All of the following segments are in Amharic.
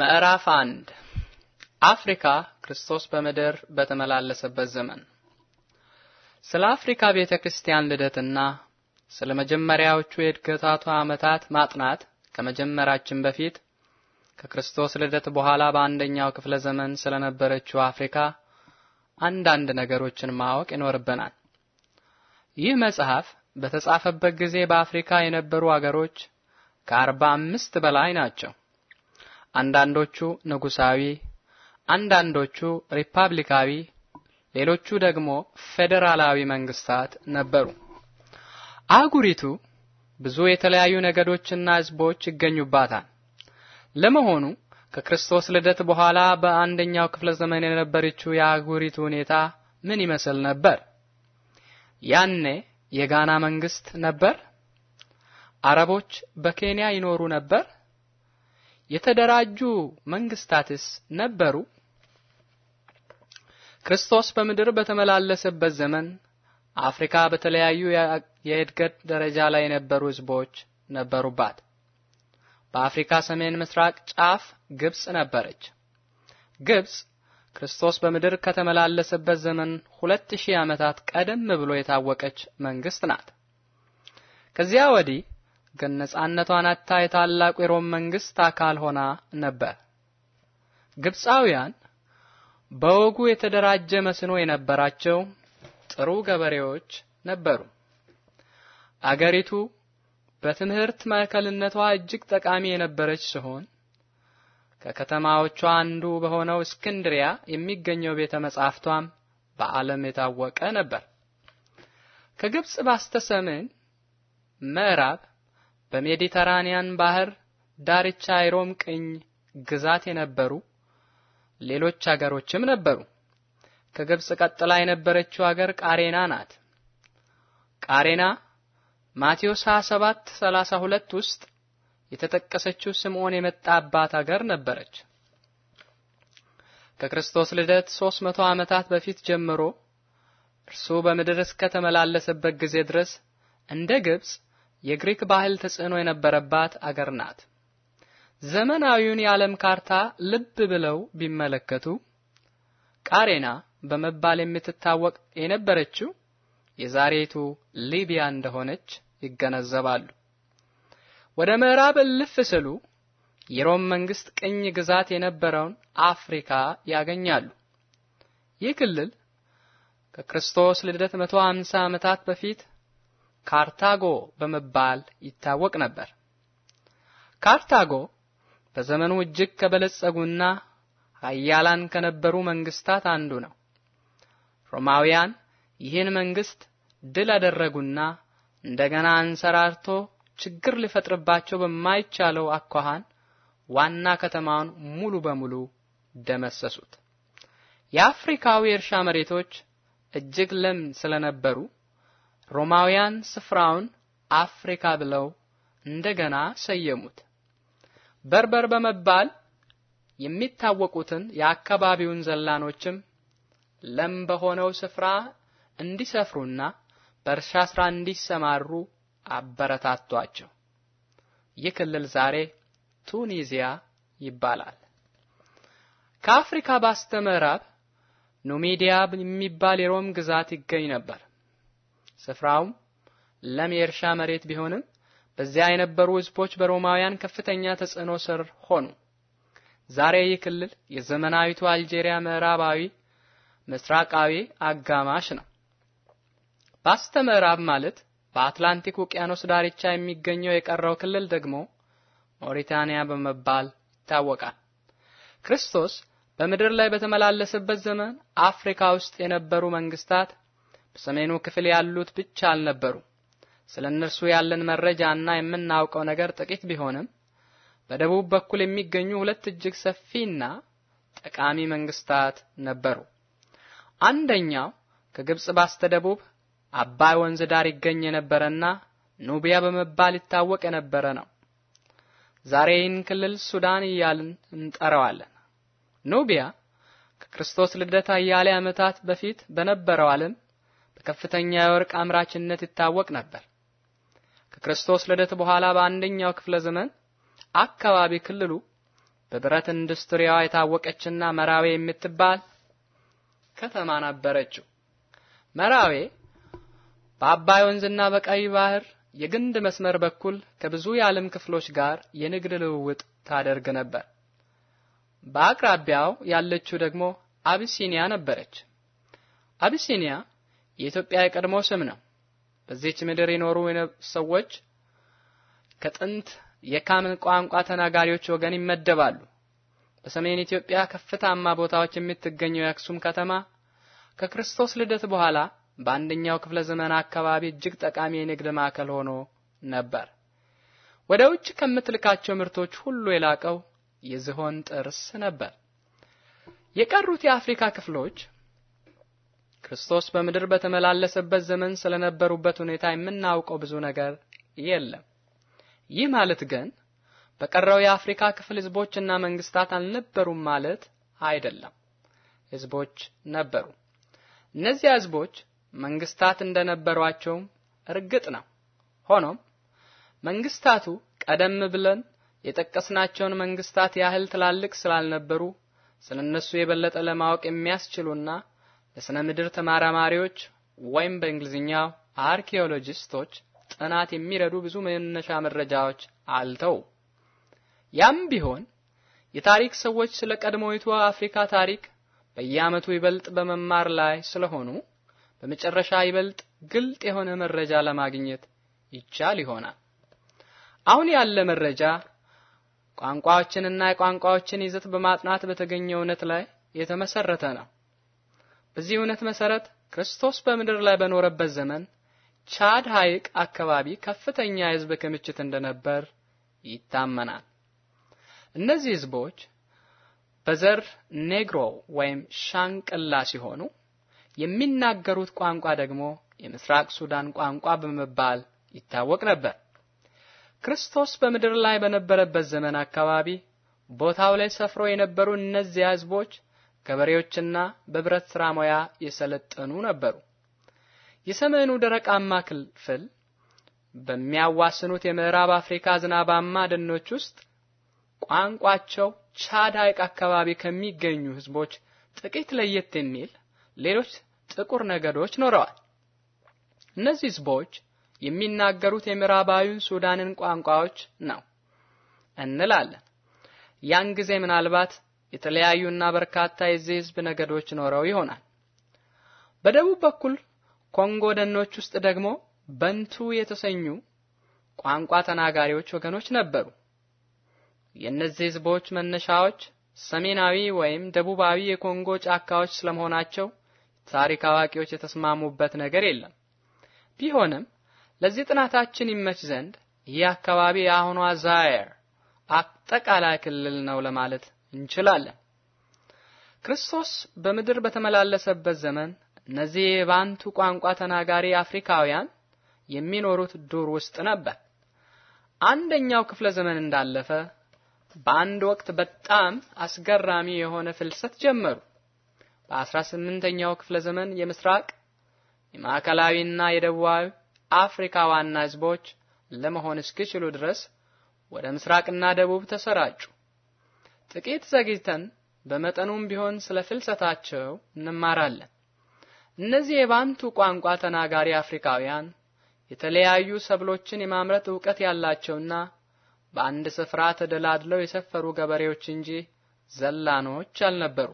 ምዕራፍ አንድ አፍሪካ ክርስቶስ በምድር በተመላለሰበት ዘመን። ስለ አፍሪካ ቤተ ክርስቲያን ልደትና ስለ መጀመሪያዎቹ የእድገታቷ ዓመታት ማጥናት ከመጀመራችን በፊት ከክርስቶስ ልደት በኋላ በአንደኛው ክፍለ ዘመን ስለነበረችው አፍሪካ አንዳንድ ነገሮችን ማወቅ ይኖርብናል። ይህ መጽሐፍ በተጻፈበት ጊዜ በአፍሪካ የነበሩ አገሮች ከአርባ አምስት በላይ ናቸው። አንዳንዶቹ ንጉሳዊ፣ አንዳንዶቹ ሪፐብሊካዊ፣ ሌሎቹ ደግሞ ፌዴራላዊ መንግስታት ነበሩ። አህጉሪቱ ብዙ የተለያዩ ነገዶችና ህዝቦች ይገኙባታል። ለመሆኑ ከክርስቶስ ልደት በኋላ በአንደኛው ክፍለ ዘመን የነበረችው የአህጉሪቱ ሁኔታ ምን ይመስል ነበር? ያኔ የጋና መንግስት ነበር። አረቦች በኬንያ ይኖሩ ነበር። የተደራጁ መንግስታትስ ነበሩ? ክርስቶስ በምድር በተመላለሰበት ዘመን አፍሪካ በተለያዩ የእድገት ደረጃ ላይ የነበሩ ህዝቦች ነበሩባት። በአፍሪካ ሰሜን ምስራቅ ጫፍ ግብጽ ነበረች። ግብጽ ክርስቶስ በምድር ከተመላለሰበት ዘመን 2000 ሺህ ዓመታት ቀደም ብሎ የታወቀች መንግስት ናት። ከዚያ ወዲህ ግን ነጻነቷን አታ የታላቁ የሮም መንግስት አካል ሆና ነበር። ግብፃውያን በወጉ የተደራጀ መስኖ የነበራቸው ጥሩ ገበሬዎች ነበሩ። አገሪቱ በትምህርት ማዕከልነቷ እጅግ ጠቃሚ የነበረች ሲሆን ከከተማዎቿ አንዱ በሆነው እስክንድሪያ የሚገኘው ቤተ መጻሕፍቷም በዓለም የታወቀ ነበር። ከግብጽ ባስተሰሜን ምዕራብ በሜዲተራኒያን ባህር ዳርቻ የሮም ቅኝ ግዛት የነበሩ ሌሎች አገሮችም ነበሩ። ከግብጽ ቀጥላ የነበረችው አገር ቃሬና ናት። ቃሬና ማቴዎስ 27 32 ውስጥ የተጠቀሰችው ስምዖን የመጣባት አገር ነበረች። ከክርስቶስ ልደት 300 ዓመታት በፊት ጀምሮ እርሱ በምድር እስከተመላለሰበት ጊዜ ድረስ እንደ ግብጽ የግሪክ ባህል ተጽዕኖ የነበረባት አገር ናት። ዘመናዊውን የዓለም ካርታ ልብ ብለው ቢመለከቱ ቃሬና በመባል የምትታወቅ የነበረችው የዛሬቱ ሊቢያ እንደሆነች ይገነዘባሉ። ወደ ምዕራብ እልፍ ስሉ የሮም መንግስት ቅኝ ግዛት የነበረውን አፍሪካ ያገኛሉ። ይህ ክልል ከክርስቶስ ልደት 150 ዓመታት በፊት ካርታጎ በመባል ይታወቅ ነበር። ካርታጎ በዘመኑ እጅግ ከበለጸጉና ኃያላን ከነበሩ መንግስታት አንዱ ነው። ሮማውያን ይህን መንግስት ድል አደረጉና እንደገና አንሰራርቶ ችግር ሊፈጥርባቸው በማይቻለው አኳኋን ዋና ከተማውን ሙሉ በሙሉ ደመሰሱት። የአፍሪካዊ እርሻ መሬቶች እጅግ ለም ስለነበሩ ሮማውያን ስፍራውን አፍሪካ ብለው እንደገና ሰየሙት። በርበር በመባል የሚታወቁትን የአካባቢውን ዘላኖችም ለም በሆነው ስፍራ እንዲሰፍሩና በእርሻ ስራ እንዲሰማሩ አበረታቷቸው። ይህ ክልል ዛሬ ቱኒዚያ ይባላል። ከአፍሪካ በስተ ምዕራብ ኑሚዲያ የሚባል የሮም ግዛት ይገኝ ነበር። ስፍራውም ለም የእርሻ መሬት ቢሆንም በዚያ የነበሩ ህዝቦች በሮማውያን ከፍተኛ ተጽዕኖ ስር ሆኑ። ዛሬ ይህ ክልል የዘመናዊቱ አልጄሪያ ምዕራባዊ ምስራቃዊ አጋማሽ ነው። በስተ ምዕራብ ማለት በአትላንቲክ ውቅያኖስ ዳርቻ የሚገኘው የቀረው ክልል ደግሞ ሞሪታንያ በመባል ይታወቃል። ክርስቶስ በምድር ላይ በተመላለሰበት ዘመን አፍሪካ ውስጥ የነበሩ መንግስታት በሰሜኑ ክፍል ያሉት ብቻ አልነበሩ። ስለ እነርሱ ያለን መረጃና የምናውቀው ነገር ጥቂት ቢሆንም በደቡብ በኩል የሚገኙ ሁለት እጅግ ሰፊና ጠቃሚ መንግስታት ነበሩ። አንደኛው ከግብጽ ባስተደቡብ አባይ ወንዝ ዳር ይገኝ የነበረና ኑቢያ በመባል ይታወቅ የነበረ ነው። ዛሬ ይህን ክልል ሱዳን እያልን እንጠራዋለን። ኑቢያ ከክርስቶስ ልደት አያሌ ዓመታት በፊት በነበረው ዓለም በከፍተኛ የወርቅ አምራችነት ይታወቅ ነበር። ከክርስቶስ ልደት በኋላ በአንደኛው ክፍለ ዘመን አካባቢ ክልሉ በብረት ኢንዱስትሪዋ የታወቀችና መራዌ የምትባል ከተማ ነበረችው። መራዌ በአባይ ወንዝና በቀይ ባህር የግንድ መስመር በኩል ከብዙ የዓለም ክፍሎች ጋር የንግድ ልውውጥ ታደርግ ነበር። በአቅራቢያው ያለችው ደግሞ አቢሲኒያ ነበረች። አቢሲኒያ የኢትዮጵያ የቀድሞ ስም ነው። በዚህች ምድር የኖሩ ሰዎች ከጥንት የካምን ቋንቋ ተናጋሪዎች ወገን ይመደባሉ። በሰሜን ኢትዮጵያ ከፍታማ ቦታዎች የምትገኘው የአክሱም ከተማ ከክርስቶስ ልደት በኋላ በአንደኛው ክፍለ ዘመን አካባቢ እጅግ ጠቃሚ የንግድ ማዕከል ሆኖ ነበር። ወደ ውጭ ከምትልካቸው ምርቶች ሁሉ የላቀው የዝሆን ጥርስ ነበር። የቀሩት የአፍሪካ ክፍሎች ክርስቶስ በምድር በተመላለሰበት ዘመን ስለነበሩበት ሁኔታ የምናውቀው ብዙ ነገር የለም። ይህ ማለት ግን በቀረው የአፍሪካ ክፍል ህዝቦችና መንግስታት አልነበሩም ማለት አይደለም። ህዝቦች ነበሩ። እነዚያ ህዝቦች መንግስታት እንደነበሯቸውም እርግጥ ነው። ሆኖም መንግስታቱ ቀደም ብለን የጠቀስናቸውን መንግስታት ያህል ትላልቅ ስላልነበሩ ስለነሱ የበለጠ ለማወቅ የሚያስችሉና ለስነ ምድር ተማራማሪዎች ወይም በእንግሊዝኛው አርኪኦሎጂስቶች ጥናት የሚረዱ ብዙ መነሻ መረጃዎች አልተው። ያም ቢሆን የታሪክ ሰዎች ስለ ቀድሞይቱ አፍሪካ ታሪክ በየዓመቱ ይበልጥ በመማር ላይ ስለሆኑ በመጨረሻ ይበልጥ ግልጥ የሆነ መረጃ ለማግኘት ይቻል ይሆናል። አሁን ያለ መረጃ ቋንቋዎችንና የቋንቋዎችን ይዘት በማጥናት በተገኘ እውነት ላይ የተመሰረተ ነው። በዚህ እውነት መሰረት ክርስቶስ በምድር ላይ በኖረበት ዘመን ቻድ ሐይቅ አካባቢ ከፍተኛ የህዝብ ክምችት እንደነበር ይታመናል። እነዚህ ህዝቦች በዘር ኔግሮ ወይም ሻንቅላ ሲሆኑ የሚናገሩት ቋንቋ ደግሞ የምስራቅ ሱዳን ቋንቋ በመባል ይታወቅ ነበር። ክርስቶስ በምድር ላይ በነበረበት ዘመን አካባቢ ቦታው ላይ ሰፍረው የነበሩ እነዚያ ህዝቦች ገበሬዎችና በብረት ሥራ ሙያ የሰለጠኑ ነበሩ። የሰሜኑ ደረቃማ ክፍል በሚያዋስኑት የምዕራብ አፍሪካ ዝናባማ ደኖች ውስጥ ቋንቋቸው ቻድ ሐይቅ አካባቢ ከሚገኙ ህዝቦች ጥቂት ለየት የሚል ሌሎች ጥቁር ነገዶች ኖረዋል። እነዚህ ህዝቦች የሚናገሩት የምዕራባዊውን ሱዳንን ቋንቋዎች ነው እንላለን። ያን ጊዜ ምናልባት የተለያዩና በርካታ የዚህ ህዝብ ነገዶች ኖረው ይሆናል። በደቡብ በኩል ኮንጎ ደኖች ውስጥ ደግሞ በንቱ የተሰኙ ቋንቋ ተናጋሪዎች ወገኖች ነበሩ። የእነዚህ ህዝቦች መነሻዎች ሰሜናዊ ወይም ደቡባዊ የኮንጎ ጫካዎች ስለመሆናቸው ታሪክ አዋቂዎች የተስማሙበት ነገር የለም። ቢሆንም ለዚህ ጥናታችን ይመች ዘንድ ይህ አካባቢ የአሁኗ ዛየር አጠቃላይ ክልል ነው ለማለት እንችላለን። ክርስቶስ በምድር በተመላለሰበት ዘመን እነዚህ የባንቱ ቋንቋ ተናጋሪ አፍሪካውያን የሚኖሩት ዱር ውስጥ ነበር። አንደኛው ክፍለ ዘመን እንዳለፈ በአንድ ወቅት በጣም አስገራሚ የሆነ ፍልሰት ጀመሩ። በ18ኛው ክፍለ ዘመን የምስራቅ የማዕከላዊና የደቡባዊ አፍሪካ ዋና ህዝቦች ለመሆን እስኪችሉ ድረስ ወደ ምስራቅና ደቡብ ተሰራጩ። ጥቂት ዘግይተን በመጠኑም ቢሆን ስለ ፍልሰታቸው እንማራለን። እነዚህ የባንቱ ቋንቋ ተናጋሪ አፍሪካውያን የተለያዩ ሰብሎችን የማምረት እውቀት ያላቸውና በአንድ ስፍራ ተደላድለው የሰፈሩ ገበሬዎች እንጂ ዘላኖች አልነበሩ።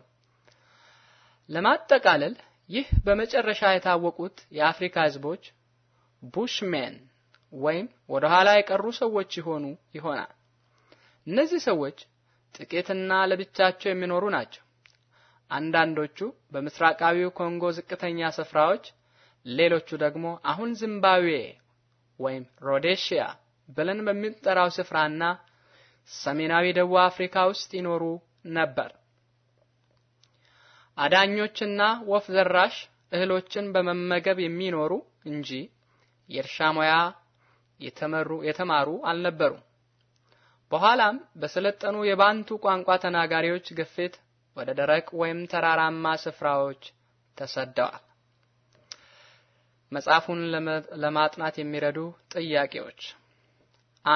ለማጠቃለል ይህ በመጨረሻ የታወቁት የአፍሪካ ህዝቦች ቡሽሜን ወይም ወደ ኋላ የቀሩ ሰዎች ይሆኑ ይሆናል። እነዚህ ሰዎች ጥቂትና ለብቻቸው የሚኖሩ ናቸው። አንዳንዶቹ በምስራቃዊው ኮንጎ ዝቅተኛ ስፍራዎች፣ ሌሎቹ ደግሞ አሁን ዚምባብዌ ወይም ሮዴሺያ ብለን በሚጠራው ስፍራና ሰሜናዊ ደቡብ አፍሪካ ውስጥ ይኖሩ ነበር። አዳኞችና ወፍ ዘራሽ እህሎችን በመመገብ የሚኖሩ እንጂ የእርሻ ሙያ የተማሩ አልነበሩም። በኋላም በሰለጠኑ የባንቱ ቋንቋ ተናጋሪዎች ግፊት ወደ ደረቅ ወይም ተራራማ ስፍራዎች ተሰደዋል። መጽሐፉን ለማጥናት የሚረዱ ጥያቄዎች፣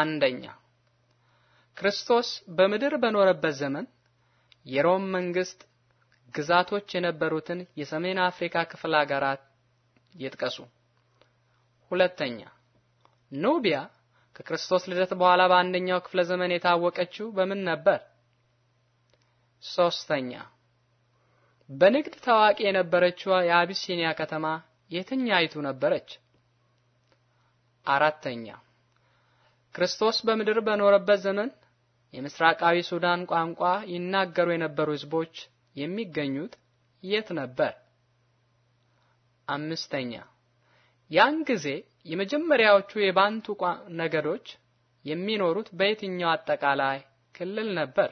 አንደኛ ክርስቶስ በምድር በኖረበት ዘመን የሮም መንግስት ግዛቶች የነበሩትን የሰሜን አፍሪካ ክፍል አገራት ይጥቀሱ። ሁለተኛ ኑቢያ ከክርስቶስ ልደት በኋላ በአንደኛው ክፍለ ዘመን የታወቀችው በምን ነበር? ሶስተኛ በንግድ ታዋቂ የነበረችው የአቢሲኒያ ከተማ የትኛይቱ ነበረች? አራተኛ ክርስቶስ በምድር በኖረበት ዘመን የምስራቃዊ ሱዳን ቋንቋ ይናገሩ የነበሩ ህዝቦች የሚገኙት የት ነበር? አምስተኛ ያን ጊዜ የመጀመሪያዎቹ የባንቱ ነገዶች የሚኖሩት በየትኛው አጠቃላይ ክልል ነበር?